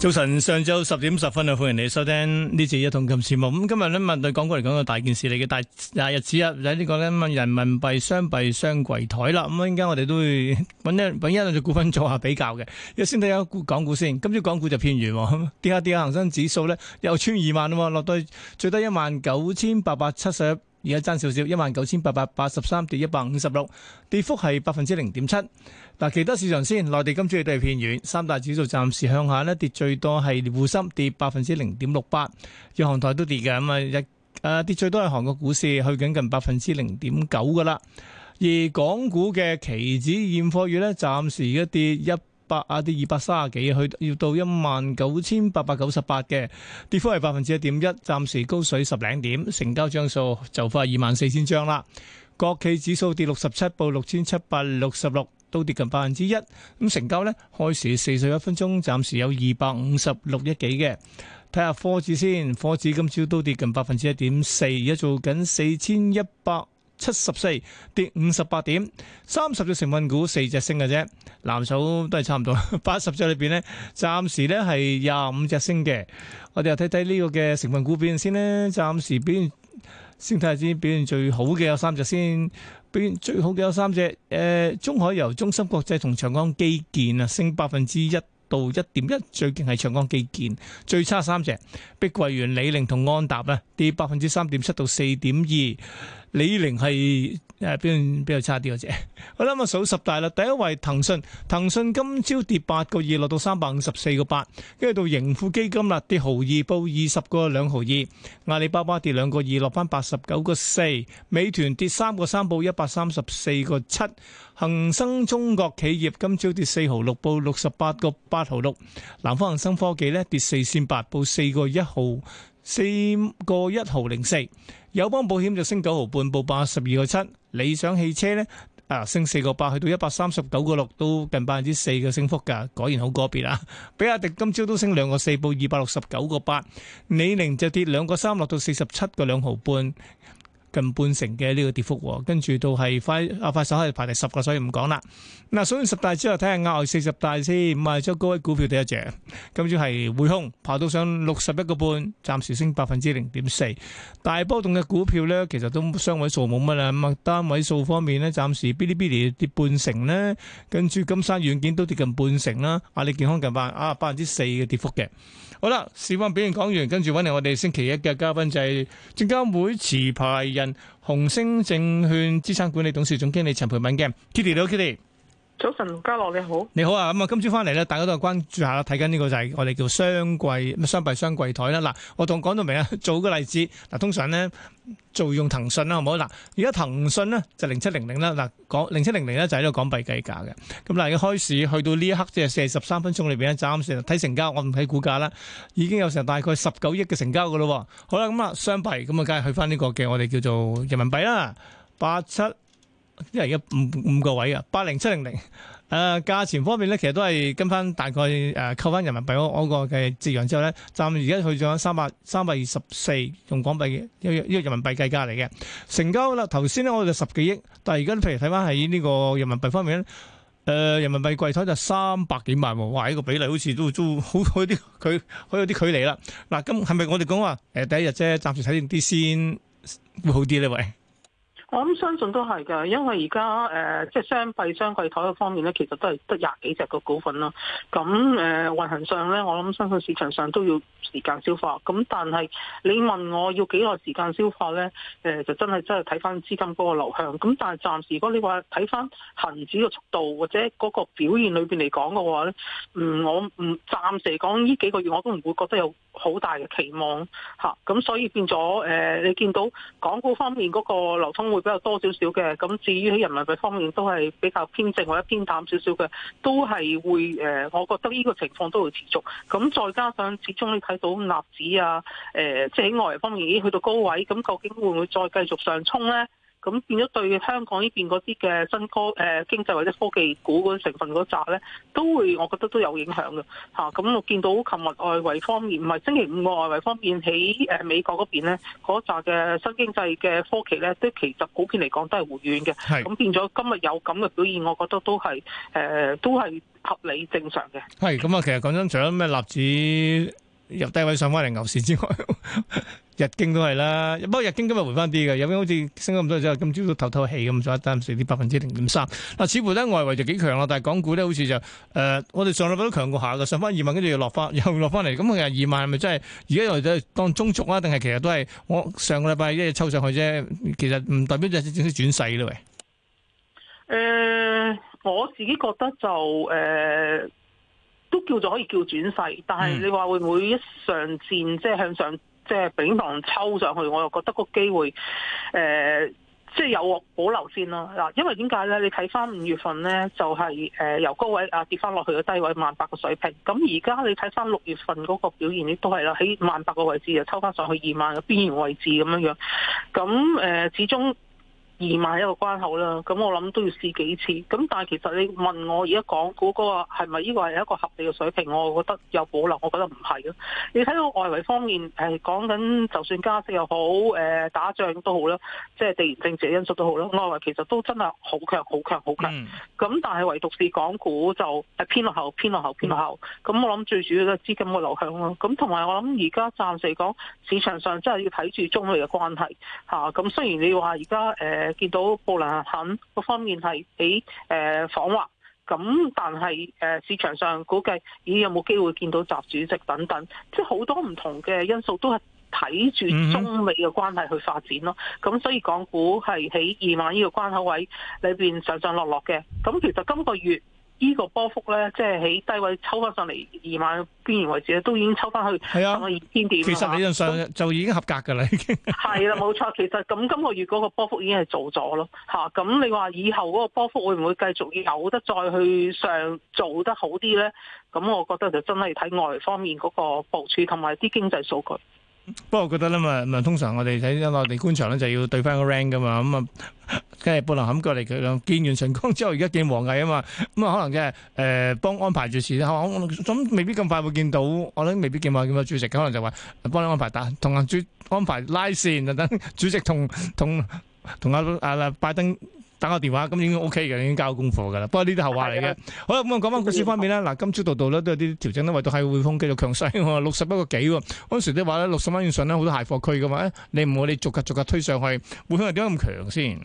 早晨，上晝十點十分啊！歡迎你收聽呢次一桶金節目。咁，今日咧問對港股嚟講個大件事嚟嘅大大日子啊！喺、這、呢個咧問人民幣雙幣雙櫃台啦。咁依家我哋都會揾一揾一兩隻股份做下比較嘅。一先睇下股港股先，今朝港股就偏軟喎。跌下跌下，恒生指數呢又穿二萬啦，落到最低 19, 1, 一萬九千八百七十一，而家爭少少，一萬九千八百八十三，跌一百五十六，跌幅係百分之零點七。嗱，其他市場先。內地今朝主要都係偏軟，三大指數暫時向下呢，跌最多係滬深，跌百分之零點六八，日韓台都跌嘅咁啊。日啊跌最多係韓國股市去緊近百分之零點九噶啦。而港股嘅期指現貨月呢，暫時一跌一百啊，跌二百三十幾，去要到一萬九千八百九十八嘅跌幅係百分之一點一，暫時高水十零點，成交張數就快二萬四千張啦。國企指數跌六十七，報六千七百六十六。都跌近百分之一，咁成交咧，開市四十一分鐘，暫時有二百五十六億幾嘅。睇下科指先，科指今朝都跌近百分之一點四，而家做緊四千一百七十四，跌五十八點。三十隻成分股，四隻升嘅啫，藍籌都係差唔多。八十隻裏邊咧，暫時咧係廿五隻升嘅。我哋又睇睇呢個嘅成分股表現先啦，暫時表現先睇下先表現最好嘅有三隻先。表現最好嘅有三隻，誒、呃、中海油、中芯國際同長江基建啊，升百分之一到一點一，最勁係長江基建。最差三隻，碧桂園、李寧同安踏咧，跌百分之三點七到四點二。李寧係誒邊比較差啲嗰隻？我諗啊 數十大啦，第一位騰訊，騰訊今朝跌八個二，落到三百五十四個八，跟住到盈富基金啦，跌毫二，報二十個兩毫二。阿里巴巴跌兩個二，落返八十九個四。美團跌三個三，報一百三十四個七。恒生中國企業今朝跌四毫六，報六十八個八毫六。南方恒生科技呢，跌四先八，報四個一毫。四個一毫零四，友邦保險就升九毫半，報八十二個七。理想汽車呢，啊，升四個八，去到一百三十九個六，都近百分之四嘅升幅㗎，果然好個別啊！比亞迪今朝都升兩個四，報二百六十九個八。李寧就跌兩個三，落到四十七個兩毫半。近半成嘅呢個跌幅，跟住到係快啊，快手係排第十嘅，所以唔講啦。嗱，數完十大之後，睇下額外四十大先。咁啊，將高位股票第一隻，今朝係匯控，爬到上六十一個半，暫時升百分之零點四。大波動嘅股票咧，其實都雙位數冇乜啦。咁啊，單位數方面咧，暫時嗶哩嗶哩跌半成咧，跟住金山軟件都跌近半成啦。阿里健康近八啊，百分之四嘅跌幅嘅。好啦，市況表現講完，跟住揾嚟我哋星期一嘅嘉賓就係證監會持牌。紅星證券資產管理董事總經理陳培敏嘅，Kitty 你好，Kitty。早晨，陸家樂你好。你好啊，咁啊，今朝翻嚟咧，大家都係關注下啦。睇緊呢個就係我哋叫雙櫃，雙幣雙櫃台啦。嗱，我同講到明啊，做個例子。嗱，通常咧做用騰訊啦，好唔好？嗱，而家騰訊咧就零七零零啦。嗱，港零七零零咧就喺呢個港幣計價嘅。咁嗱，一開始去到呢一刻，即係四十三分鐘裏邊暫時，睇成交，我唔睇股價啦。已經有成大概十九億嘅成交噶咯。好啦，咁啊，雙幣咁啊，梗係去翻呢個嘅我哋叫做人民幣啦，八七。因為而家五五個位啊，八零七零零，誒，價錢方面咧，其實都係跟翻大概誒，扣翻人民幣嗰個嘅折讓之後咧，暫時而家去咗三百三百二十四用港幣，嘅一個人民幣計價嚟嘅成交啦。頭先咧我哋十幾億，但係而家譬如睇翻喺呢個人民幣方面咧，誒、呃，人民幣櫃台就三百幾萬喎，哇，呢、這個比例好似都做好有啲距，好有啲距離啦。嗱，咁係咪我哋講話誒，第一日啫，暫時睇定啲先會好啲呢？喂。我諗相信都係㗎，因為而家誒即係雙幣雙櫃台嘅方面咧，其實都係得廿幾隻個股份啦。咁誒、呃、運行上咧，我諗相信市場上都要時間消化。咁但係你問我要幾耐時間消化咧？誒、呃、就真係真係睇翻資金嗰個流向。咁但係暫時如果你話睇翻恆指嘅速度或者嗰個表現裏邊嚟講嘅話咧，嗯、呃、我唔暫時講呢幾個月我都唔會覺得有好大嘅期望嚇。咁、啊、所以變咗誒、呃，你見到港股方面嗰個流通會。比較多少少嘅，咁至於喺人民幣方面都係比較偏正或者偏淡少少嘅，都係會誒、呃，我覺得呢個情況都會持續。咁再加上始終你睇到納指啊，誒、呃，境、即係、外方面已經去到高位，咁究竟會唔會再繼續上衝咧？咁變咗對香港呢邊嗰啲嘅新科誒經濟或者科技股嗰成分嗰扎咧，都會我覺得都有影響嘅嚇。咁我見到琴日外圍方面，唔係星期五個外圍方面喺誒美國嗰邊咧，嗰扎嘅新經濟嘅科技咧，都其實普遍嚟講都係回軟嘅。係咁變咗今日有咁嘅表現，我覺得都係誒都係合理正常嘅。係咁啊，其實講真，除咗咩粒子入低位上翻嚟牛市之外。日經都係啦，不過日經今回回日回翻啲嘅，日經好似升咗咁多之後，今朝早透透氣咁，所以單升啲百分之零點三。嗱、呃，似乎咧外圍就幾強咯，但係港股咧好似就誒、呃，我哋上禮拜都強過下嘅，上翻二萬，跟住又落翻，又落翻嚟，咁其實二萬係咪真係？而家又再當中足啊？定係其實都係我上個禮拜一日抽上去啫，其實唔代表就正式轉勢咯？喂，誒，我自己覺得就誒、呃，都叫做可以叫轉勢，但係你話會唔會一上戰即係向上？即係丙檔抽上去，我又覺得個機會誒，即、呃、係、就是、有保留先咯嗱。因為點解咧？你睇翻五月份咧，就係、是、誒由高位啊跌翻落去個低位萬八個水平。咁而家你睇翻六月份嗰個表現，亦都係啦，喺萬八個位置就抽翻上去二萬嘅邊緣位置咁樣樣。咁誒、呃，始終。二萬一個關口啦，咁我諗都要試幾次。咁但係其實你問我而家港股嗰、嗰個係咪呢個係一個合理嘅水平，我覺得有保留。我覺得唔係咯。你睇到外圍方面，誒講緊就算加息又好，誒、呃、打仗都好啦，即係地緣政治因素都好啦，外圍其實都真係好強、好強、好強。咁、嗯、但係唯獨是港股就係偏、呃、落後、偏落後、偏落後。咁、嗯、我諗最主要都係資金嘅流向咯。咁同埋我諗而家暫時嚟講，市場上真係要睇住中美嘅關係吓。咁、啊、雖然你話而家誒。呃見到布林肯各方面係喺誒訪華，咁、呃、但係誒、呃、市場上估計咦有冇機會見到習主席等等，即係好多唔同嘅因素都係睇住中美嘅關係去發展咯。咁所以港股係喺二萬呢個關口位裏邊上上落落嘅。咁其實今個月。呢個波幅咧，即係喺低位抽翻上嚟二萬邊緣位置咧，都已經抽翻去上個二千點。啊嗯、其實理論上就已經合格㗎啦，已經。 係啦，冇錯。其實咁今、這個月嗰個波幅已經係做咗咯，嚇、啊。咁你話以後嗰個波幅會唔會繼續有得再去上做得好啲咧？咁我覺得就真係睇外方面嗰個部署同埋啲經濟數據。不過我覺得咧，咪咪通常我哋睇內地官場咧，就要對翻個 rank 噶嘛，咁、嗯、啊，跟住布林肯過嚟佢見完秦剛之後，而家見王毅啊嘛，咁、嗯、啊可能即係誒幫安排住事啦，咁未必咁快會見到，我諗未必見埋咁啊，主席，可能就話幫你安排打，但同埋主安排拉線，就等主席同同同阿阿拜登打個電話咁已經 OK 嘅，已經交功課噶啦。不過呢啲後話嚟嘅。 好啦，咁我講翻股市方面啦。嗱， 今朝度度咧都有啲調整啦，唯獨係匯豐繼續強勢喎，六十一個幾喎。嗰陣時啲話咧六十蚊以上咧好多鞋貨區嘅話咧，你唔好你逐格逐格推上去，匯豐係點解咁強先？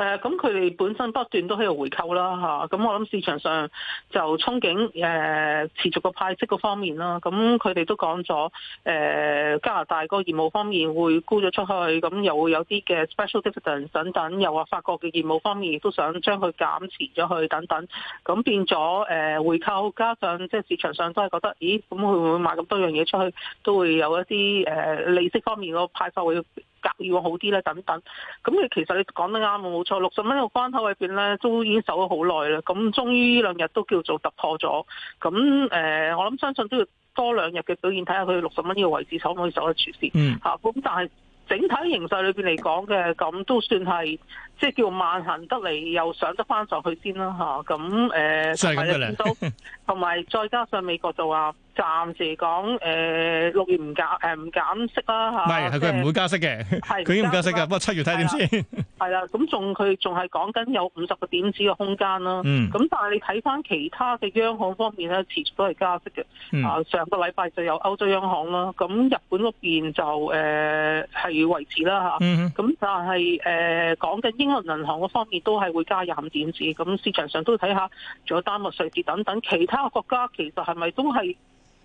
誒咁佢哋本身不斷都喺度回購啦嚇，咁、啊嗯、我諗市場上就憧憬誒、呃、持續個派息嗰方面啦。咁佢哋都講咗誒加拿大個業務方面會沽咗出去，咁、嗯、又會有啲嘅 special、嗯、dividend 等等，又話法國嘅業務方面亦都想將佢減持咗去等等。咁、嗯、變咗誒、呃、回購，加上即係市場上都係覺得，咦咁、嗯、會唔會賣咁多樣嘢出去，都會有一啲誒、呃、利息方面個派發會。隔要好啲咧，等等、嗯。咁嘅其實你講得啱，冇錯。六十蚊呢個關口裏邊咧，都已經守咗好耐啦。咁終於呢兩日都叫做突破咗。咁誒，我諗相信都要多兩日嘅表現，睇下佢六十蚊呢個位置可唔可以守得住先嚇。咁但係。整體形勢裏邊嚟講嘅，咁都算係即係叫萬幸得嚟，又上得返上去先啦嚇。咁誒，係啊，見到，同埋再加上美國就話暫時講誒六月唔減誒唔減息啦嚇。唔係，係佢唔會加息嘅，佢已經唔加息噶。不過七月睇點先。係啦，咁仲佢仲係講緊有五十個點子嘅空間啦。咁、嗯、但係你睇翻其他嘅央行方面咧，持續都係加息嘅。啊、呃，上個禮拜就有歐洲央行啦，咁日本嗰邊就誒係、呃、維持啦嚇。咁、嗯嗯、但係誒講緊英國銀行嗰方面都係會加廿五點子。咁、嗯、市場上都睇下，仲有丹麥瑞士等等其他國家，其實係咪都係？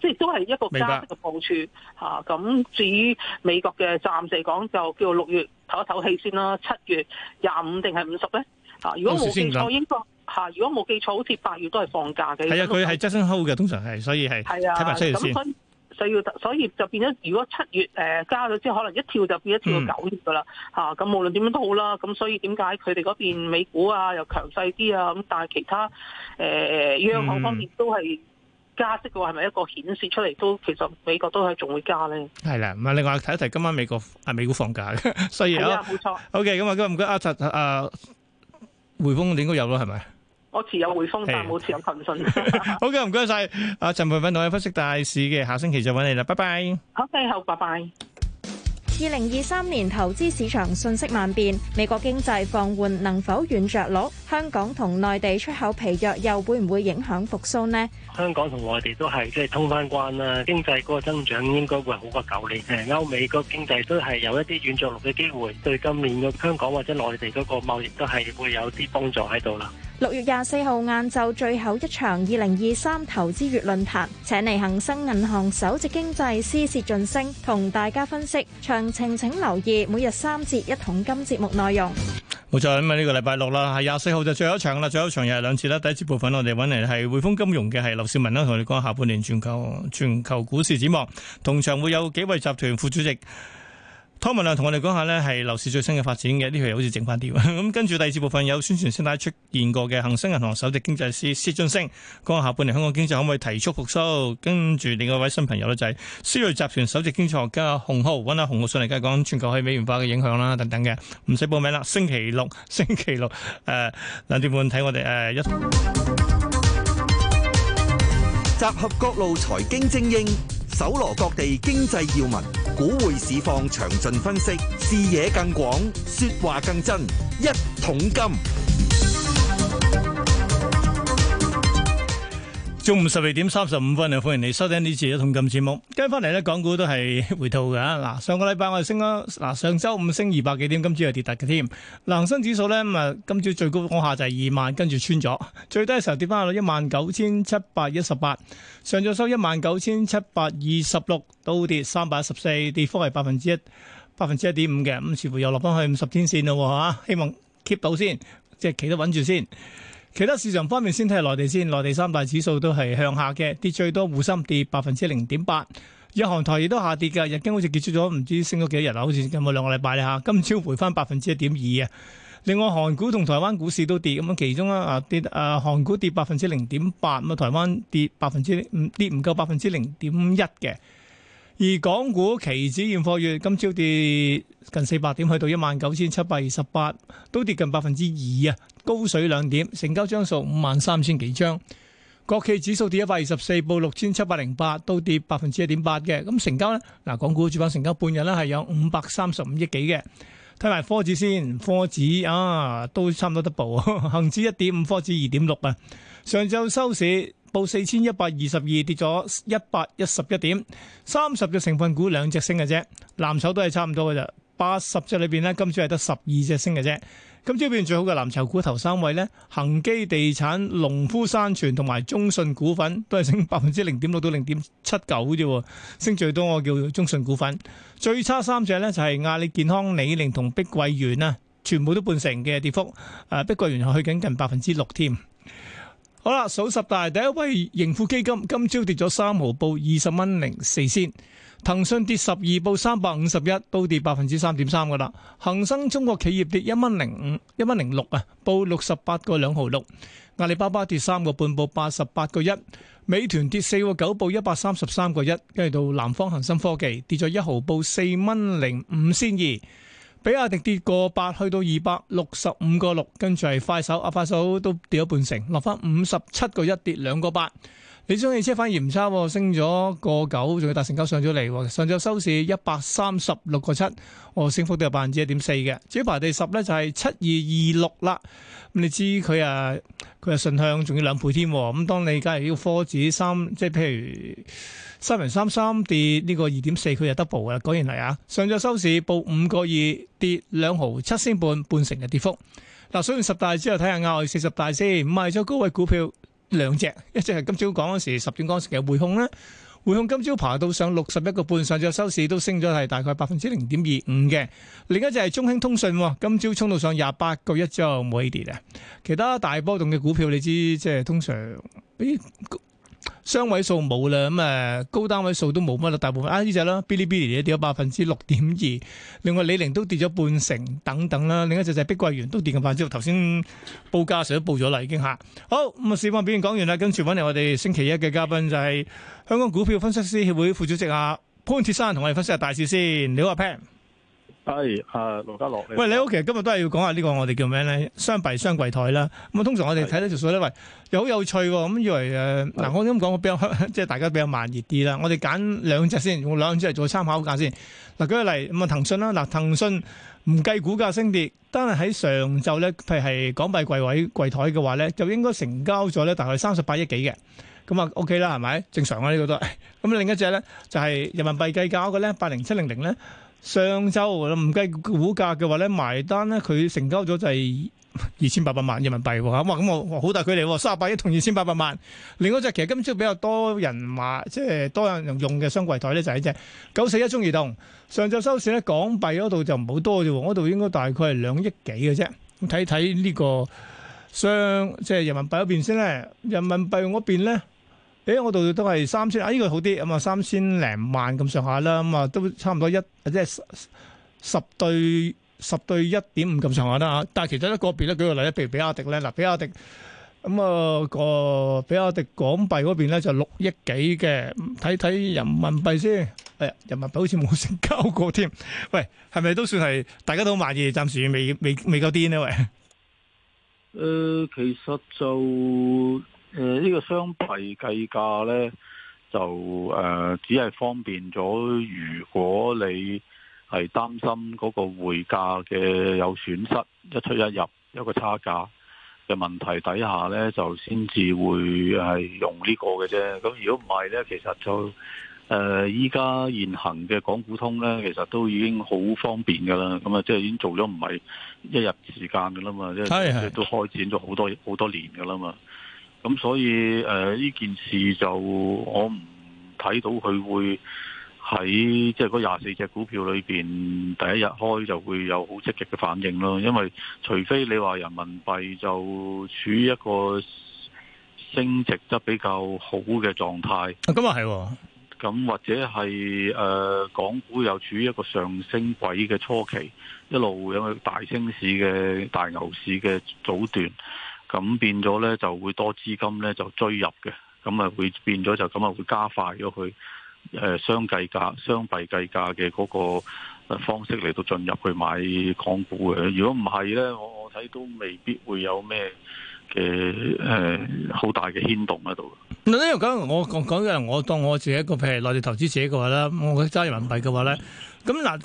即係都係一個加息嘅部署嚇，咁白、啊、至於美國嘅暫時嚟講就叫六月唞一唞氣先啦，七月廿五定係五十咧嚇。如果冇記錯，英國嚇，如果冇記錯，好似八月都係放假嘅。係啊，佢係側身 hold 嘅，通常係，所以係睇埋七月先。咁所以所以，所以就變咗，如果七月誒、呃、加咗之後，可能一跳就變咗跳到九月㗎啦嚇。咁、嗯啊、無論點樣都好啦，咁所以點解佢哋嗰邊美股啊又強勢啲啊咁，但係其他誒央行方面都係。嗯加息嘅話係咪一個顯示出嚟都其實美國都係仲會加咧？係啦，唔係另外睇一睇今晚美國啊美股放假嘅， 所以冇有錯。好嘅，咁、okay, 啊咁唔該阿陳啊匯豐點都有咯，係咪？我持有匯豐的但係冇持有騰訊。好嘅、 okay，唔該晒阿陳培奮同我分析大市嘅，下星期就揾你啦，拜拜。好嘅，好，拜拜。二零二三年投資市場瞬息萬變，美國經濟放緩能否軟着陸？香港同內地出口疲弱又會唔會影響復蘇呢？香港同內地都係即係通返關啦，經濟嗰個增長應該會好過舊年。誒，歐美嗰個經濟都係有一啲軟着陸嘅機會，對今年嘅香港或者內地嗰個貿易都係會有啲幫助喺度啦。六月廿四號晏晝最後一場二零二三投資月論壇，請嚟恒生銀行首席經濟師薛俊升同大家分析，詳情，請留意每日三節一桶金節目內容。冇錯，咁啊呢個禮拜六啦，係廿四號就最後一場啦，最後一場又係兩次啦，第一節部分我哋揾嚟係匯豐金融嘅係劉少文啦，同我哋講下半年全球全球股市展望。同場會有幾位集團副主席。湯文亮同我哋講下呢係樓市最新嘅發展嘅，呢條又好似整翻啲。咁 跟住第二次部分有宣傳聲帶出現過嘅恒生銀行首席經濟師薛俊升，講、那個、下半年香港經濟可唔可以提速復蘇。跟住另外一位新朋友呢，就係思睿集團首席經濟學家洪浩，揾阿洪浩上嚟嘅講全球去美元化嘅影響啦等等嘅，唔使報名啦。星期六，星期六，誒、呃，兩點半睇我哋誒一集合各路財經精英，搜羅各地經濟要聞。股匯市況詳盡分析，視野更廣，說話更真，一桶金。中午十二點三十五分，又歡迎你收聽呢次一桶金節目。跟翻嚟咧，港股都係回吐噶。嗱、啊，上個禮拜我哋升咯，嗱，上周五升二百幾點，今朝又跌突嘅添。恒、啊、生指數呢，咁啊，今朝最高講下就係二萬，跟住穿咗。最低嘅時候跌翻去一萬九千七百一十八，上咗收一萬九千七百二十六，倒跌三百一十四，跌幅係百分之一，百分之一點五嘅。咁似乎又落翻去五十天線咯，係、啊、希望 keep 到先，即係企得穩住先。其他市場方面先睇下內地先，內地三大指數都係向下嘅，跌最多，滬深跌百分之零點八，日韓台亦都下跌㗎，日經好似結束咗唔知升咗幾多日啊，好似有冇兩個禮拜咧嚇，今朝回翻百分之一點二啊，另外韓股同台灣股市都跌，咁啊，其中啊跌啊韓股跌百分之零點八，咁啊，台灣跌百分之五、嗯，跌唔夠百分之零點一嘅。而港股期指現貨月今朝跌近四百點，去到一萬九千七百二十八，都跌近百分之二啊，高水兩點，成交張數五萬三千幾張。國企指數跌一百二十四，報六千七百零八，都跌百分之一點八嘅。咁成交呢？嗱，港股主板成交半日呢係有五百三十五億幾嘅。睇埋科指先，科指啊都差唔多 double 啊，恆指一點五，科指二點六啊。上晝收市。報四千一百二十二，跌咗一百一十一點，三十隻成分股，兩隻升嘅啫，藍籌都係差唔多嘅啫。八十隻裏邊咧，今朝係得十二隻升嘅啫。今朝變最好嘅藍籌股頭三位咧，恒基地產、農夫山泉同埋中信股份都係升百分之零點六到零點七九啫，升最多我叫中信股份。最差三隻咧就係阿里健康、李寧同碧桂園啦，全部都半成嘅跌幅，誒，碧桂園係去緊近百分之六添。好啦，數十大第一位盈富基金，今朝跌咗三毫，12，報二十蚊零四仙。騰訊跌十二，報三百五十一，都跌百分之三點三噶啦。恒生中國企業跌一蚊零五，一蚊零六啊，報六十八個兩毫六。阿里巴巴跌三個半，報八十八個一。美團跌四個九，報一百三十三個一。跟住到南方恒生科技跌咗一毫，報四蚊零五仙二。比亞迪跌過八，去到二百六十五個六，跟住係快手，阿、啊、快手都跌咗半成，落返五十七個一，跌兩個八。你中汽車反而唔差，升咗個九，仲要達成交上咗嚟，上晝收市一百三十六個七，我升幅都有百分之一點四嘅。至於排第十咧就係七二二六啦。咁你知佢啊，佢係順向兩，仲要兩倍添。咁當你假如要科指三，即係譬如三零三三跌呢、這個二點四，佢就 double 嘅。果然嚟啊，上晝收市報五個二，跌兩毫七仙半，半成日跌幅。嗱，所完十大之後睇下亞匯四十大先，唔係咗高位股票。兩隻，一隻係今朝講嗰時十點講嗰時嘅匯控啦。匯控今朝爬到上六十一個半上，至收市都升咗係大概百分之零點二五嘅。另一隻係中興通訊，今朝衝到上廿八個一之後冇起跌。其他大波動嘅股票，你知即係通常，誒。雙位數冇啦，咁、嗯、誒高單位數都冇乜啦，大部分啊呢隻啦，Bilibili 跌咗百分之六點二，另外李寧都跌咗半成等等啦，另一隻就係碧桂園都跌百分之六。頭先報價時都報咗啦，已經吓。好咁啊，市況表現講完啦，跟住揾嚟我哋星期一嘅嘉賓就係香港股票分析師協會副主席啊潘鐵山同我哋分析下大市先，你好阿潘。係，阿羅嘉樂。喂，你好，其實今日都係要講下呢個我哋叫咩咧？雙幣雙櫃台啦。咁啊，通常我哋睇得條數咧，喂是，又好有趣喎、哦。咁、嗯、以為誒，嗱、呃是啊，我咁講，我比較即係大家比較慢熱啲啦。我哋揀兩隻先，用兩隻嚟做參考價先。嗱、啊，舉個例，咁、嗯、啊，騰訊啦，嗱，騰訊唔計股價升跌，但係喺上晝咧，譬如係港幣櫃位櫃台嘅話咧，就應該成交咗咧，大概三十八億幾嘅。咁啊，OK 啦，係咪？正常啊，呢、這個都係。咁、啊、另一隻咧，就係、是、人民幣計價嘅咧，八零七零零咧。上週唔計股價嘅話咧，埋單咧佢成交咗就係二千八百萬人民幣喎哇咁我好大距離，三十八億同二千八百萬。另一隻其實今朝比較多人話，即係多人用嘅雙櫃台咧就係呢隻九四一中移動。上晝收市咧港幣嗰度就唔好多啫，嗰度應該大概係兩億幾嘅啫。睇睇呢個雙即係人民幣嗰邊先咧，人民幣嗰邊咧。誒，我度都係三千，啊，呢個好啲，咁啊三千零萬咁上下啦，咁啊都差唔多一即係十對十對一點五咁上下啦。但係其實咧個邊咧，舉個例咧，譬如比亞迪咧，嗱比亞迪咁啊個比亞迪港幣嗰邊咧就六億幾嘅，睇睇人民幣先。誒，人民幣好似冇成交過添。喂，係咪都算係？大家都好滿意，暫時未未未夠癲咧，喂。誒，其實就。誒呢個雙幣計價呢，就誒、呃、只係方便咗。如果你係擔心嗰個匯價嘅有損失，一出一入一個差價嘅問題底下呢，就先至會係用呢個嘅啫。咁如果唔係呢，其實就誒依家現行嘅港股通呢，其實都已經好方便噶啦。咁、嗯、啊，即係已經做咗唔係一日時間噶啦嘛，即係是都開展咗好多好多年噶啦嘛。咁、嗯、所以誒，呢、呃、件事就我唔睇到佢會喺即係嗰廿四隻股票裏邊第一日開就會有好積極嘅反應咯。因為除非你話人民幣就處於一個升值得比較好嘅狀態，咁啊係。咁、啊嗯、或者係誒、呃，港股又處於一個上升軌嘅初期，一路有個大升市嘅大牛市嘅組段。咁變咗呢，就會多資金呢就追入嘅，咁啊會變咗就咁啊會加快咗佢誒雙計價、雙幣計價嘅嗰個方式嚟到進入去買港股嘅。如果唔係呢，我我睇都未必會有咩。嘅誒，好、呃、大嘅牽動喺度。嗱，因為咁，我講講嘅係我當我自己一個，譬如內地投資者嘅話咧，我覺得揸人民幣嘅話咧，咁嗱，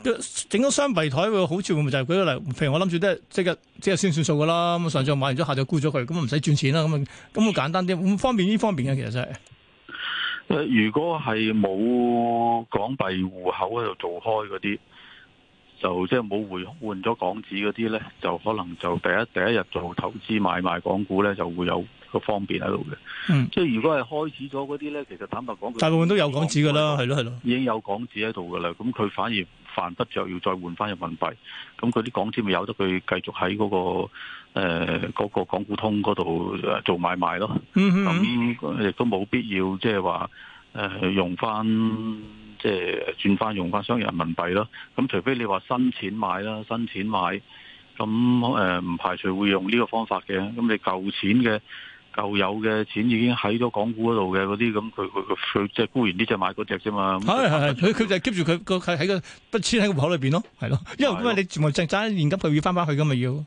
整咗雙幣台嘅好處，咪就係舉個例，譬如我諗住都係即刻即日先算數噶啦。咁上晝買完咗，下晝沽咗佢，咁唔使轉錢啦。咁啊，咁會簡單啲，咁方便呢方面嘅其實真係。誒，如果係冇港幣戶口喺度做開嗰啲。就即係冇換換咗港紙嗰啲呢，就可能就第一第一日做投資買賣港股呢，就會有個方便喺度嘅。嗯，即係如果係開始咗嗰啲呢，其實坦白講，大部分都有港紙噶啦，係咯係咯，已經有港紙喺度噶啦。咁佢反而犯不着要再換翻人民幣，咁嗰啲港紙咪由得佢繼續喺嗰、嗰個誒、呃嗰個港股通嗰度做買賣咯。咁亦都冇必要即係話用翻。嗯即係轉翻用翻雙人民幣咯，咁除非你話新錢買啦，新錢買，咁誒唔排除會用呢個方法嘅。咁你舊錢嘅舊有嘅錢已經喺咗港股嗰度嘅嗰啲，咁佢佢佢即係沽完呢隻買嗰隻啫嘛。係係，佢佢就 keep 住佢個喺個筆錢喺個戶口裏邊咯，係咯，因為咁啊你全部淨揸現金佢要翻翻去咁咪要。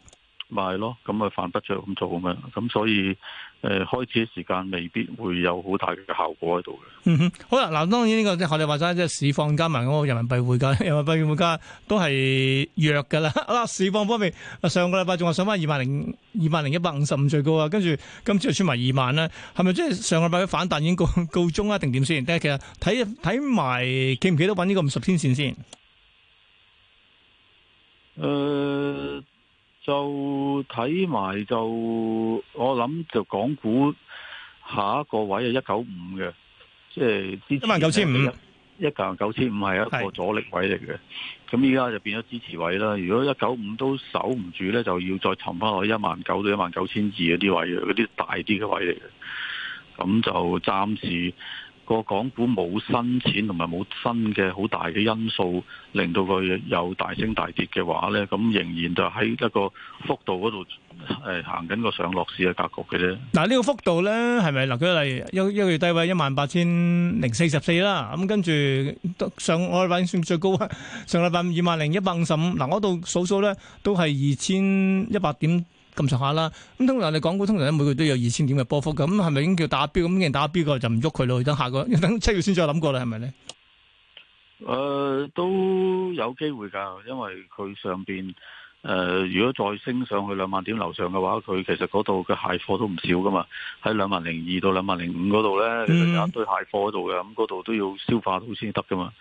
賣咯，咁咪犯不着咁做咁樣，咁所以誒，開始嘅時間未必會有好大嘅效果喺度嘅。好啦，嗱，當然呢個即係我哋話齋即係市況加埋嗰個人民幣匯價，人民幣匯價都係弱噶啦。嗱， 市況方面，上個禮拜仲話上翻二萬零二萬零一百五十五最高啊，跟住今朝就穿埋二萬啦。係咪即係上個禮拜反彈已經告告終啊？定點先？睇下，其實睇睇埋記唔記得搵呢個五十天線先。誒、呃。就睇埋就，我諗就港股下一個位係一九五嘅，即係一萬九千五，一萬九千五係一個阻力位嚟嘅。咁而家就變咗支持位啦。如果一九五都守唔住呢，就要再沉翻去一萬九到一萬九千二嗰啲位，嗰啲大啲嘅位嚟嘅。咁就暫時。個港股冇新錢同埋冇新嘅好大嘅因素，令到佢有大升大跌嘅話咧，咁仍然就喺一個幅度嗰度，係行緊個上落市嘅格局嘅咧。嗱、啊、呢、這個幅度咧，係咪？嗱、啊，舉個例，一一個月低位一萬八千零四十四啦，咁跟住上，我哋計算最高，上禮拜二萬零一百五十五，嗱，我度數數咧，都係二千一百點。咁上下啦，咁、嗯、通常你港股通常咧，每個月都有二千點嘅波幅噶，咁係咪已經叫打標？咁、嗯、既然打標個就唔喐佢咯，等下個等七月先再諗過啦，係咪咧？誒、呃，都有機會噶，因為佢上邊誒、呃，如果再升上去兩萬點樓上嘅話，佢其實嗰度嘅蟹貨都唔少噶嘛，喺兩萬零二到兩萬零五嗰度咧，其實有一堆蟹貨喺度嘅，咁嗰度都要消化到先得噶嘛。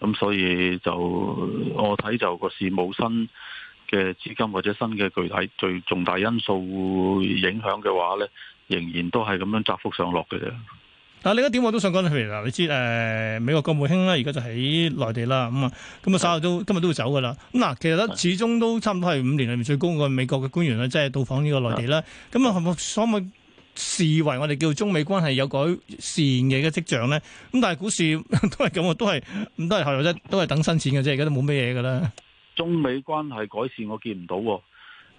咁所以就我睇就個市冇新。嘅資金或者新嘅具體最重大因素影響嘅話咧，仍然都係咁樣窄幅上落嘅啫。嗱，另一點我都想講譬如嗱，你知誒美國國務卿咧，而家就喺內地啦，咁啊，咁啊稍後都今日都會走噶啦。咁嗱，其實咧，始終都差唔多係五年裏面最高嘅美國嘅官員咧，即係到訪呢個內地啦。咁啊，可唔可可唔可視為我哋叫中美關係有改善嘅嘅跡象咧？咁但係股市都係咁啊，都係咁都係後頭都都係等新錢嘅啫，而家都冇咩嘢噶啦。中美關係改善，我見唔到喎、哦。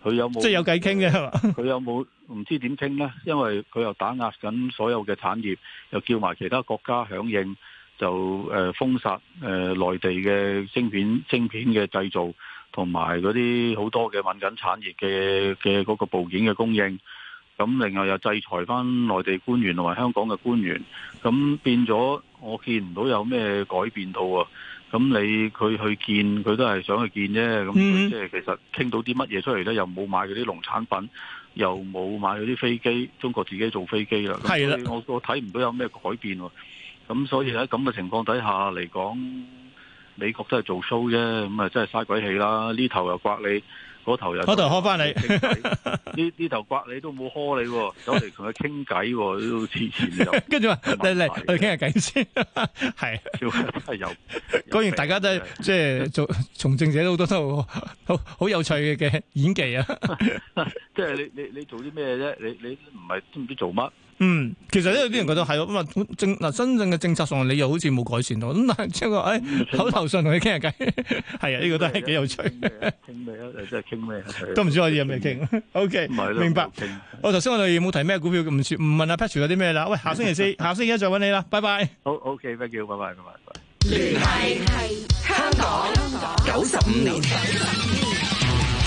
佢有冇即係有偈傾嘅？佢、呃、有冇唔知點傾呢？因為佢又打壓緊所有嘅產業，又叫埋其他國家響應，就誒、呃、封殺誒內地嘅晶片、晶片嘅製造，同埋嗰啲好多嘅敏感產業嘅嘅嗰個部件嘅供應。咁另外又制裁翻內地官員同埋香港嘅官員。咁變咗，我見唔到有咩改變到啊、哦！咁你佢去見佢都係想去見啫，咁即係其實傾到啲乜嘢出嚟咧，又冇買嗰啲農產品，又冇買嗰啲飛機，中國自己做飛機啦，所以我我睇唔到有咩改變喎。咁所以喺咁嘅情況底下嚟講，美國都係做 show 啫，咁啊真係嘥鬼氣啦，呢頭又刮你。我頭又，我頭呵翻你，呢 呢頭刮你都冇呵你、哦，走嚟同佢傾偈，都黐線又。跟住話嚟嚟，我哋傾下偈先，係、 啊，都有。果然大家都即係做從政者都，都好多都好好有趣嘅嘅演技啊！ 即係你你你，你做啲咩啫？你你唔係都唔知，知做乜？嗯，其實都有啲人覺得係咁啊，政嗱真正嘅政策上，你又好似冇改善到咁。但係即係誒口頭上同你傾下偈，係啊，呢、這個都係幾有趣。傾咩啊？真係傾咩？啊啊、都唔知我哋有咩傾。啊、麼 o okay , K，明白。我頭先我哋冇提咩股票，唔說唔問阿 Patrick 有啲咩啦。喂，下星期四，下星期一再揾你啦。拜拜。好，O K，bye bye bye，bye bye, bye。聯繫係香港九十五年。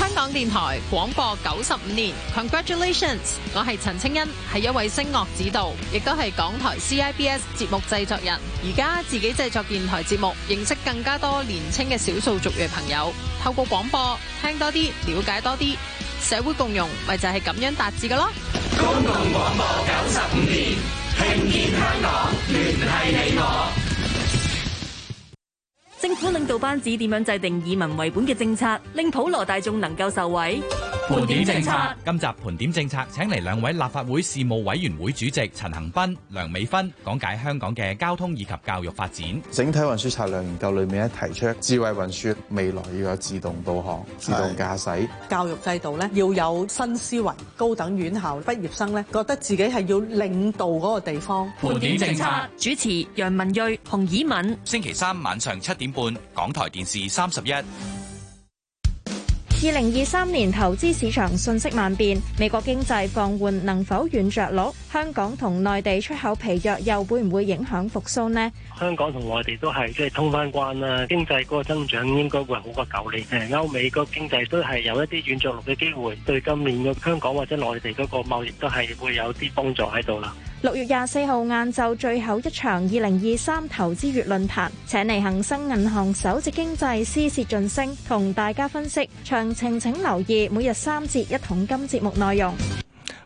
香港電台廣播九十五年，Congratulations！我係陳清欣，係一位聲樂指導，亦都係港台 CIBS 節目製作人。而家自己製作電台節目，認識更加多年青嘅少數族裔朋友，透過廣播聽多啲，了解多啲，社會共融咪就係咁樣達至噶咯。公共廣播九十五年，聽見香港，聯繫你我。政府領導班子點樣制定以民為本嘅政策，令普羅大眾能夠受惠？盤點政策二零二三年投資市場瞬息萬變，美國經濟放緩能否軟着陸？香港同內地出口疲弱又會唔會影響復甦呢？香港同內地都係即係通返關啦，經濟嗰個增長應該會好過舊年。誒，歐美嗰個經濟都係有一啲軟着陸嘅機會，對今年嘅香港或者內地嗰個貿易都係會有啲幫助喺度啦。六月廿四號晏晝最後一場二零二三投資月論壇，請嚟恒生銀行首席經濟師薛俊升同大家分析詳情，請留意每日三節一桶金節目內容。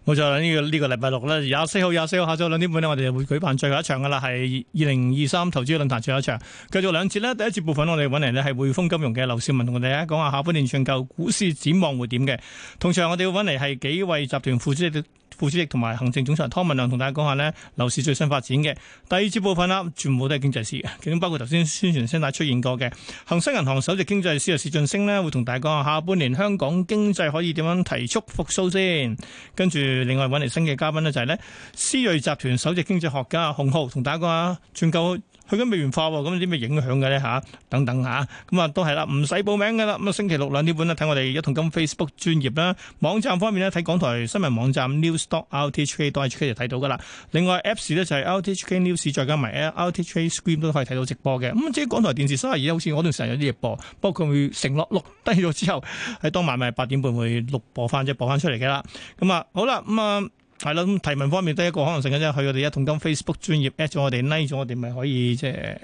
冇錯啦，呢、這個呢、這個禮拜六咧廿四號廿四號下晝兩點半呢，我哋會舉辦最後一場噶啦，係二零二三投資論壇最後一場，繼續兩節呢，第一節部分我哋揾嚟呢係匯豐金融嘅劉少文同我哋咧講下下半年全球股市展望會點嘅，同場我哋要揾嚟係幾位集團副主席。副主席同埋行政總裁湯文亮同大家講下呢，樓市最新發展嘅。第二節部分啦，全部都係經濟事，其中包括頭先宣傳聲帶出現過嘅恒生銀行首席經濟師阿史俊升呢，會同大家講下下半年香港經濟可以點樣提速復甦先。跟住另外揾嚟新嘅嘉賓呢，就係呢，思睿集團首席經濟學家洪浩，同大家講下全球轉去緊美元化喎，有啲咩影響嘅咧吓，等等嚇，咁啊都係啦，唔使報名嘅啦。咁啊星期六兩點半咧睇我哋一桶金 Facebook 專頁啦，網站方面咧睇港台新聞網站 news.rthk.hk 就睇到噶啦。另外 Apps 咧就係 RTHK News 再加埋 RTHK Screen 都可以睇到直播嘅。咁至於港台電視三十二咧，好似嗰段時間有啲未播，不過佢會承諾錄低咗之後喺當晚咪八點半會錄播翻，即係播翻出嚟嘅啦。咁啊好啦，咁啊。係啦，咁提問方面都係一個可能性嘅啫，去我哋一桶金 Facebook 專頁 at 咗我哋 like 咗我哋咪可以即係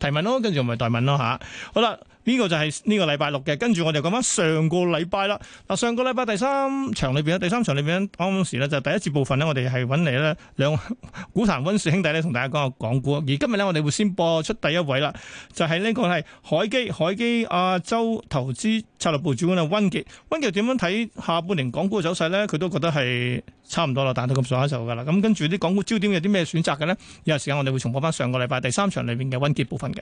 提問咯，跟住咪代問咯吓、啊，好啦。呢個就係呢個禮拜六嘅，跟住我哋講翻上個禮拜啦。嗱，上個禮拜第三場裏邊啦，第三場裏邊當時咧就是、第一節部分咧，我哋係揾嚟咧兩股壇温氏兄弟咧，同大家講下港股。而今日咧，我哋會先播出第一位啦，就係、是、呢個係海基海基亞洲投資策略部主管嘅，温杰。温杰點樣睇下半年港股嘅走勢咧？佢都覺得係差唔多啦，但都咁手一手噶啦。咁跟住啲港股焦點有啲咩選擇嘅咧？有時間我哋會重播翻上個禮拜第三場裏邊嘅温杰部分嘅。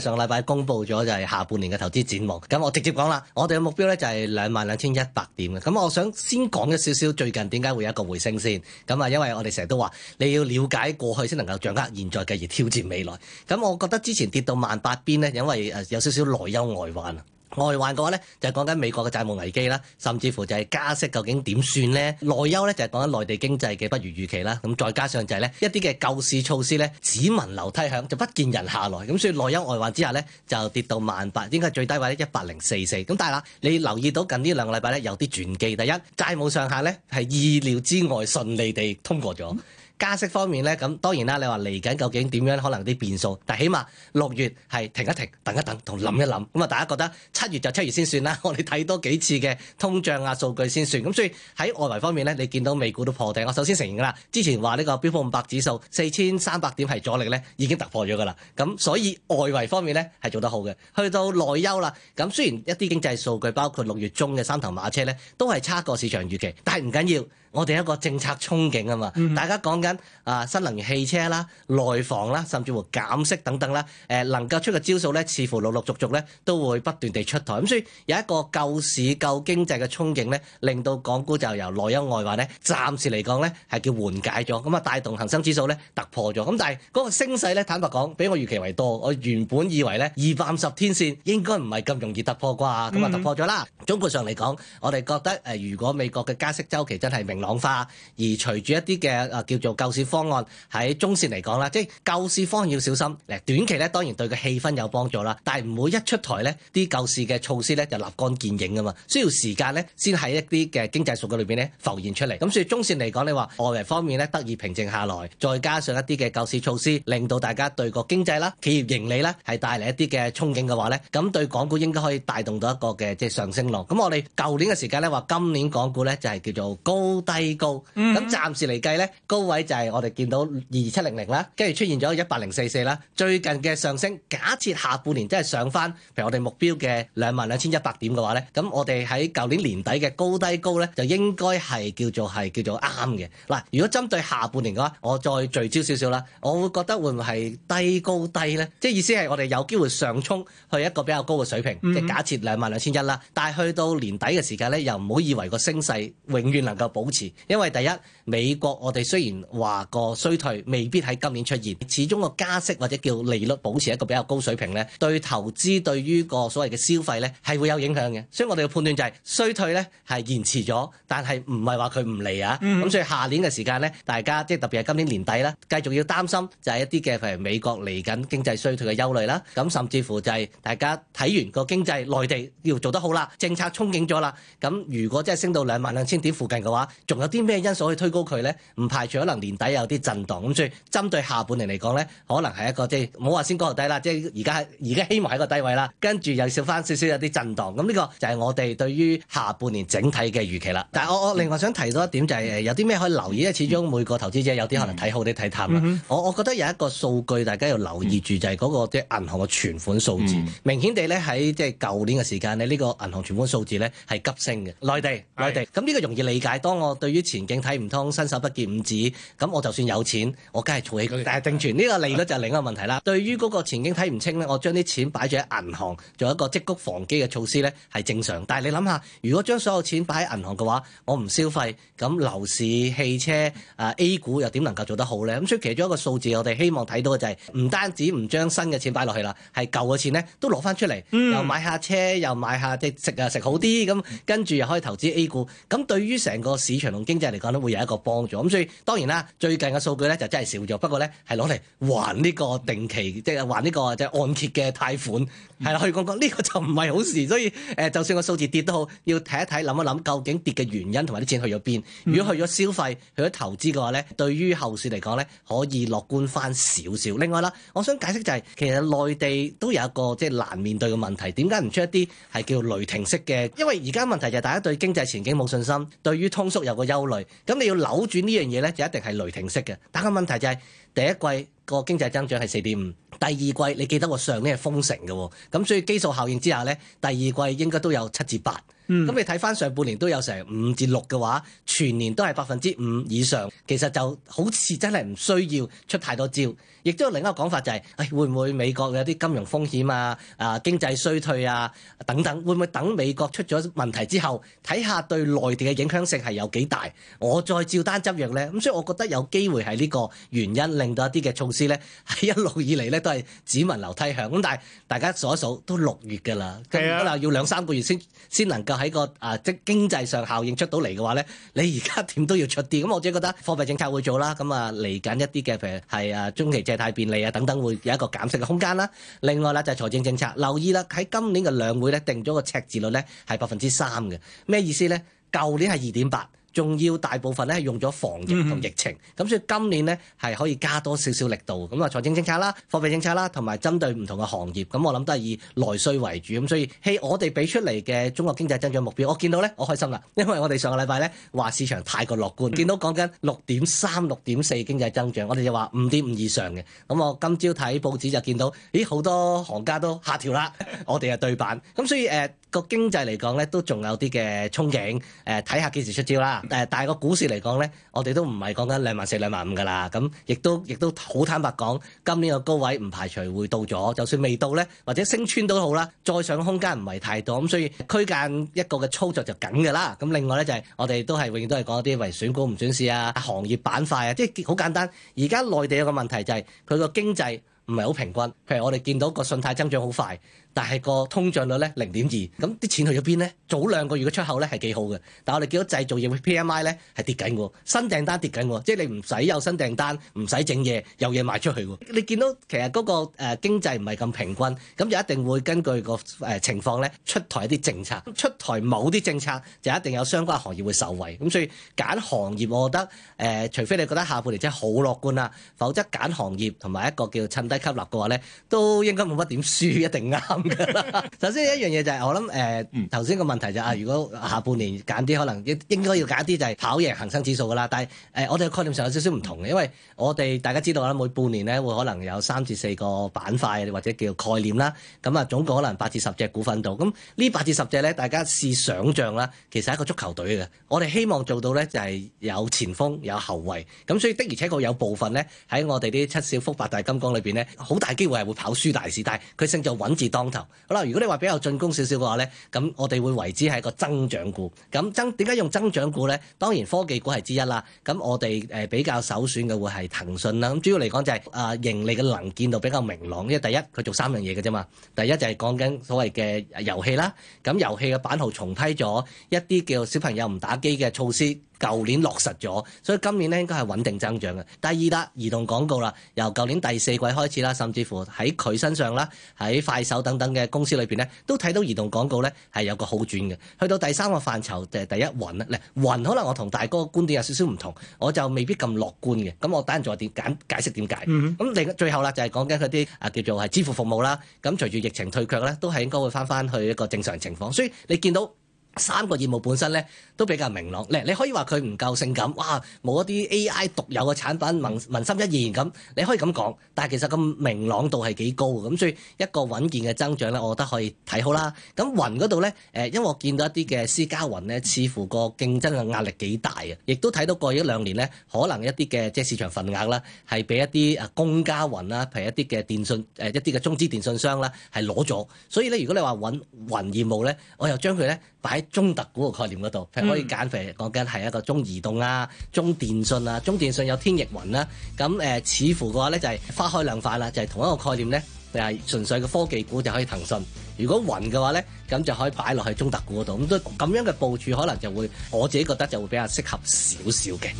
上個禮拜公布咗就係下半年嘅投資展望，咁我直接講啦，我哋嘅目標呢就係兩萬兩千一百點嘅，咁我想先講一少少最近點解會有一個回升先，咁啊因為我哋成日都話你要了解過去先能夠掌握現在，繼而挑戰未來，咁我覺得之前跌到萬八邊呢，因為誒有少少內憂外患。外患嘅話咧，就係講緊美國嘅債務危機啦，甚至乎就係加息究竟點算呢？內憂咧就係講緊內地經濟嘅不如預期啦。咁再加上就係咧一啲嘅救市措施咧，只聞樓梯響就唔見人下來。咁所以內憂外患之下咧，就跌到萬八，應該最低位一百零四四。咁但係啦，你留意到近呢兩個禮拜咧有啲轉機。第一，債務上限咧係意料之外順利地通過咗。加息方面咧，咁當然啦，你話嚟緊究竟點樣，可能有啲變數。但起碼六月係停一停、等一等同諗一諗。咁啊，大家覺得七月就七月先算啦，我哋睇多幾次嘅通脹啊數據先算。咁雖然喺外圍方面咧，你見到美股都破頂，我首先承認啦，之前話呢個標普五百指數四千三百點係阻力咧，已經突破咗噶啦。咁所以外圍方面咧係做得好嘅。去到內優啦，咁雖然一啲經濟數據包括六月中嘅三頭馬車咧，都係差過市場預期，但係唔緊要。我哋一個政策憧憬啊嘛，大家講緊啊新能源汽車啦、內房啦，甚至乎減息等等啦，誒能夠出嘅招數咧，似乎陸陸續續咧都會不斷地出台，咁所以有一個救市救經濟嘅憧憬咧，令到港股就由內憂外患咧，暫時嚟講咧係叫緩解咗，咁啊帶動恆生指數咧突破咗，咁但係嗰個升勢咧，坦白講，比我預期為多，我原本以為咧二百五十天線應該唔係咁容易突破啩，咁啊突破咗啦。總括上嚟講，我哋覺得誒，如果美國嘅加息週期真係明朗，講法，而隨住一啲嘅誒叫做救市方案喺中線嚟講啦，即係救市方案要小心。誒短期咧當然對個氣氛有幫助啦，但係唔會一出台咧啲救市嘅措施咧就立竿見影㗎嘛，需要時間咧先喺一啲嘅經濟數據裏邊咧浮現出嚟。咁所以中線嚟講，你話外圍方面咧得以平靜下來，再加上一啲嘅救市措施，令到大家對個經濟啦、企業盈利咧係帶嚟一啲嘅憧憬嘅話咧，咁對港股應該可以帶動到一個嘅即係上升浪。咁我哋舊年嘅時間咧話，今年港股咧就係叫做高、低高，咁暫時嚟計呢，高位就係我哋見到二七零零啦，跟住出現咗一百零四四啦。最近嘅上升，假設下半年真係上返，譬如我哋目標嘅兩萬兩千一百點嘅話呢，咁我哋喺舊年年底嘅高低高呢，就應該係叫做係叫做啱嘅。嗱，如果針對下半年嘅話，我再聚焦少少啦，我會覺得會唔會係低高低呢，即係意思係我哋有機會上衝去一個比較高嘅水平，即係假設兩萬兩千一啦。但係去到年底嘅時間呢，又唔好以為個升勢永遠能夠保持。因為第一，美國我哋雖然話個衰退未必喺今年出現，始終個加息或者叫利率保持一個比較高水平咧，對投資對於個所謂嘅消費咧係會有影響嘅。所以我哋嘅判斷就係衰退咧係延遲咗，但係唔係話佢唔嚟啊？咁、嗯嗯、所以下年嘅時間咧，大家即係特別係今年年底啦，繼續要擔心就係一啲嘅譬如美國嚟緊經濟衰退嘅憂慮啦。咁甚至乎就係大家睇完個經濟內地要做得好啦，政策憧憬咗啦。咁如果真係升到兩萬兩千點附近嘅話，仲有啲咩因素可以推高佢呢？唔排除可能年底有啲震蕩，咁所以針對下半年嚟講呢，可能係一個即係唔好話先講落低啦，即係而家而家希望埋喺個低位啦。跟住又少翻少少有啲震蕩，咁呢個就係我哋對於下半年整體嘅預期啦。但係我我另外想提到一點就係誒有啲咩可以留意咧。始終每個投資者有啲可能睇好啲睇淡啦。Mm hmm. 我我覺得有一個數據大家要留意住就係嗰個即係銀行嘅存款數字。Mm hmm. 明顯地呢，喺即係舊年嘅時間，你呢個銀行存款數字呢，係急升嘅。內地內地，咁呢的個容易理解。當我對於前景睇唔通，伸手不見五指，咁我就算有錢，我梗係儲起佢。但係定存呢個利率就係另一個問題啦。對於嗰個前景睇唔清呢，我將啲錢擺咗喺銀行，做一個積谷防饑嘅措施呢，係正常。但係你諗下，如果將所有錢擺喺銀行嘅話，我唔消費，咁樓市、汽車、啊 A 股又點能夠做得好呢？咁所以其中一個數字，我哋希望睇到嘅就係、是、唔單止唔將新嘅錢擺落去啦，係舊嘅錢呢都攞翻出嚟，又買下車，又買下即食啊食好啲，咁跟住又可以投資 A 股。咁對於成個市場，長龍經濟嚟講都會有一個幫助。咁、嗯、所以當然啦，最近嘅數據咧就真係少咗，不過咧係攞嚟還呢個定期，即係還呢個即係按揭嘅貸款，係啦。可以講講呢個就唔係好事。所以誒、呃，就算個數字跌都好，要睇一睇，諗一諗究竟跌嘅原因同埋啲錢去咗邊。如果去咗消費，去咗投資嘅話咧，對於後市嚟講咧，可以樂觀返少少。另外啦，我想解釋就係、是、其實內地都有一個即係難面對嘅問題，點解唔出一啲係叫雷霆式嘅？因為而家問題就係大家對經濟前景冇信心，對於通縮又個憂慮，咁你要扭轉呢樣嘢呢，就一定係雷霆式嘅。但個問題就係、是、第一季個經濟增長係四點五，第二季你記得我上年係封城嘅喎，咁所以基數效應之下呢，第二季應該都有七至八。咁你睇翻上半年都有成五至六嘅話，全年都係百分之五以上，其實就好似真係唔需要出太多招。亦都有另一個講法就係、是，誒、哎、會唔會美國有啲金融風險啊、啊經濟衰退啊等等，會唔會等美國出咗問題之後，睇下對內地嘅影響性係有幾大，我再照單執藥呢。咁所以我覺得有機會係呢個原因令到一啲嘅措施呢，係一路以嚟呢都係只聞樓梯響。咁但係大家數一數都六月㗎啦，的可能要兩三個月先先能夠。喺個啊，即經濟上效應出到嚟嘅話咧，你而家點都要出啲咁，我自己覺得貨幣政策會做啦。咁啊，嚟緊一啲嘅，譬如係啊中期借貸便利啊等等，會有一個減息嘅空間啦。另外咧，就係財政政策留意啦，喺今年嘅兩會咧定咗個赤字率咧係百分之三嘅。咩意思咧？舊年係二點八。仲要大部分咧係用咗防疫同疫情，咁、嗯、哼所以今年呢係可以加多少少力度，咁啊財政政策啦、貨幣政策啦，針同埋針對唔同嘅行業，咁我諗都係以內需為主，咁所以係我哋俾出嚟嘅中國經濟增長目標，我見到呢我開心啦，因為我哋上個禮拜呢話市場太過樂觀，嗯、見到講緊六點三、六點四經濟增長，我哋就話五點五以上嘅。咁我今朝睇報紙就見到，咦好多行家都下調啦，我哋係對版。咁所以誒。呃個經濟嚟講咧，都仲有啲嘅憧憬，誒睇下幾時出招啦。呃，但係個股市嚟講呢，我哋都唔係講緊兩萬四、兩萬五㗎啦。咁亦都亦都好坦白講，今年個高位唔排除會到咗，就算未到呢，或者升穿都好啦。再上空間唔係太多，咁所以區間一個嘅操作就梗㗎啦。咁另外呢，就係、是、我哋都係永遠都係講一啲為選股唔選市啊，行業板塊啊，即係好簡單。而家內地有個問題就係佢個經濟。唔係好平均，譬如我哋見到個信貸增長好快，但係個通脹率呢，零點二，咁啲錢去咗邊呢？早兩個月嘅出口呢係幾好嘅，但係我哋見到製造業 PMI 呢係跌緊喎，新訂單跌緊喎，即係你唔使有新訂單，唔使整嘢，有嘢賣出去喎。你見到其實嗰個誒經濟唔係咁平均，咁就一定會根據個誒情況呢，出台一啲政策，出台某啲政策就一定有相關行業會受惠。咁所以揀行業，我覺得誒、呃，除非你覺得下半年真係好樂觀啊，否則揀行業同埋一個叫做一吸納嘅話咧，都應該冇乜點輸，一定啱嘅啦。 首先一樣嘢就係、是、我諗誒，頭先個問題就係、是、啊、呃，如果下半年揀啲可能應應該要揀啲就係跑贏恒生指數嘅啦。但係誒、呃，我哋嘅概念上有少少唔同嘅，因為我哋大家知道啦，每半年咧會可能有三至四個板塊或者叫概念啦。咁啊，總共可能八至十隻股份度。咁呢八至十隻咧，大家試想像啦，其實係一個足球隊嘅。我哋希望做到咧就係、是、有前鋒有後衞。咁所以的而且確有部分咧喺我哋啲七小福八大金剛裏邊咧。好大機會係會跑輸大市，但係佢勝在穩字當頭。好啦，如果你話比較進攻少少嘅話呢，咁我哋會維持係一個增長股。咁增點解用增長股呢？當然科技股係之一啦。咁我哋誒比較首選嘅會係騰訊啦。咁主要嚟講就係啊，盈利嘅能見度比較明朗。因為第一佢做三樣嘢嘅啫嘛。第一就係講緊所謂嘅遊戲啦。咁遊戲嘅版號重批咗一啲叫小朋友唔打機嘅措施。舊年落實咗，所以今年咧應該係穩定增長嘅。第二啦，移動廣告啦，由舊年第四季開始啦，甚至乎喺佢身上啦，喺快手等等嘅公司裏邊呢，都睇到移動廣告呢係有個好轉嘅。去到第三個範疇就係第一雲啦，嗱雲可能我同大哥觀點有少少唔同，我就未必咁樂觀嘅。咁我等陣再解解釋點解。咁嚟、嗯、哼最後啦，就係講緊嗰啲啊叫做係支付服務啦。咁隨住疫情退卻呢，都係應該會翻翻去一個正常情況。所以你見到。三個業務本身呢都比較明朗，呢你可以話佢唔夠性感，哇冇一啲 AI 獨有嘅產品文心一言咁，你可以咁講，但係其實個明朗度係幾高嘅，咁所以一個穩健嘅增長呢，我覺得可以睇好啦。咁雲嗰度呢，誒因為我見到一啲嘅私家雲呢，似乎個競爭嘅壓力幾大啊，亦都睇到過一兩年呢，可能一啲嘅即係市場份額啦，係俾一啲啊公家雲啦，譬如一啲嘅電信誒、呃、一啲嘅中資電信商啦係攞咗，所以呢，如果你話揾雲業務呢，我又將佢呢擺。中特股個概念嗰度，譬如可以減肥講緊係一個中移動啊、中電信啊，中電信有天翼雲啦，咁誒、呃、似乎嘅話咧就係、是、花開兩塊啦，就係、是、同一個概念咧，就係、是、純粹嘅科技股就可以騰訊。如果雲嘅話咧，咁就可以擺落去中特股嗰度。咁都咁樣嘅部署可能就會我自己覺得就會比較適合少少嘅。